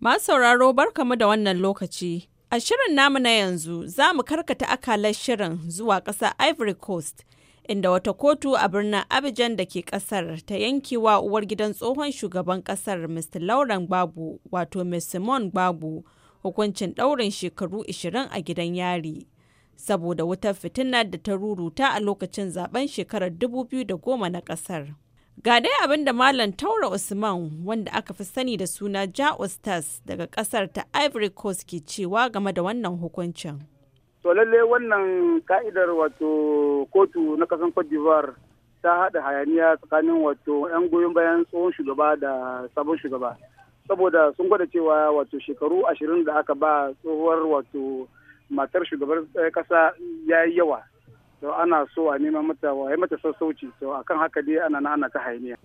Masu sauraro barkamu da wannan lokaci. A shirin namu na yanzu za mu karkata akalar shirin zuwa ƙasar Ivory Coast, inda wata kotu a birnin Abidjan da ke ƙasar ta yankewa uwar gidan tsohon shugaban ƙasar Mr. Lauren Babu, wato Ms. Simon Babu, hukuncin ɗaurin shekaru 20 a gidan yari. Saboda wutar fitina da ta ruruta a lokacin zaben shekarar 2010 na ƙasar. Ga dai abin da Malam Taura Usman wanda aka fi sani da suna Ja Ustaz daga kasar ta Ivory Coast ke cewa game da wannan hukuncin. To lalle wannan ka'idar wato kotu na kasan Cote d'Ivoire ta haɗa hayaniya tsakanin wato 'yan goyon bayan tsohon shugaba da sabon shugaba. Saboda sun gwada cewa wato shekaru ashirin da aka ba tsohuwar wato matar shugabar kasa eh, ya yi yawa to ana so a nema mata wa mata sassauci to akan haka dai ana na ana ta hainiya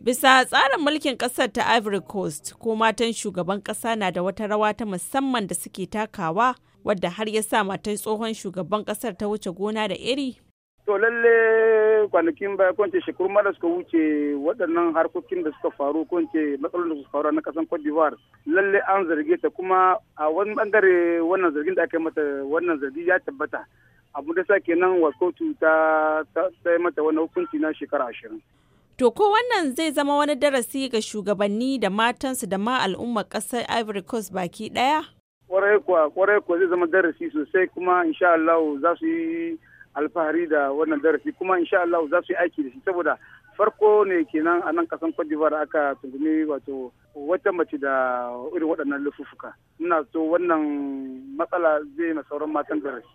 bisa tsarin mulkin kasar ta Ivory Coast ko matan shugaban kasa na da wata rawa ta musamman da suke takawa wadda har ya sa matan tsohon shugaban kasar ta wuce gona da iri to lalle kwanakin baya kwance shekaru mara suka wuce waɗannan harkokin da suka faru ko matsalolin da suka faru na kasan Cote d'Ivoire lalle an zarge ta kuma a wani bangare wannan zargin da aka yi mata wannan zargi ya tabbata abu da sa kenan wa kotu ta sai mata wani hukunci na shekara ashirin. To ko wannan zai zama wani darasi ga shugabanni da matansu da ma al'ummar kasar Ivory Coast baki daya Kwarai kuwa, kwarai kuwa zai zama darasi sosai kuma insha Allah za su yi alfahari da wannan darasi kuma insha Allah za su yi aiki da shi saboda farko ne kenan a nan kasan Cote d'Ivoire aka tungumi wato wata mace da irin waɗannan lufufuka Ina so wannan matsala zai na sauran matan darasi.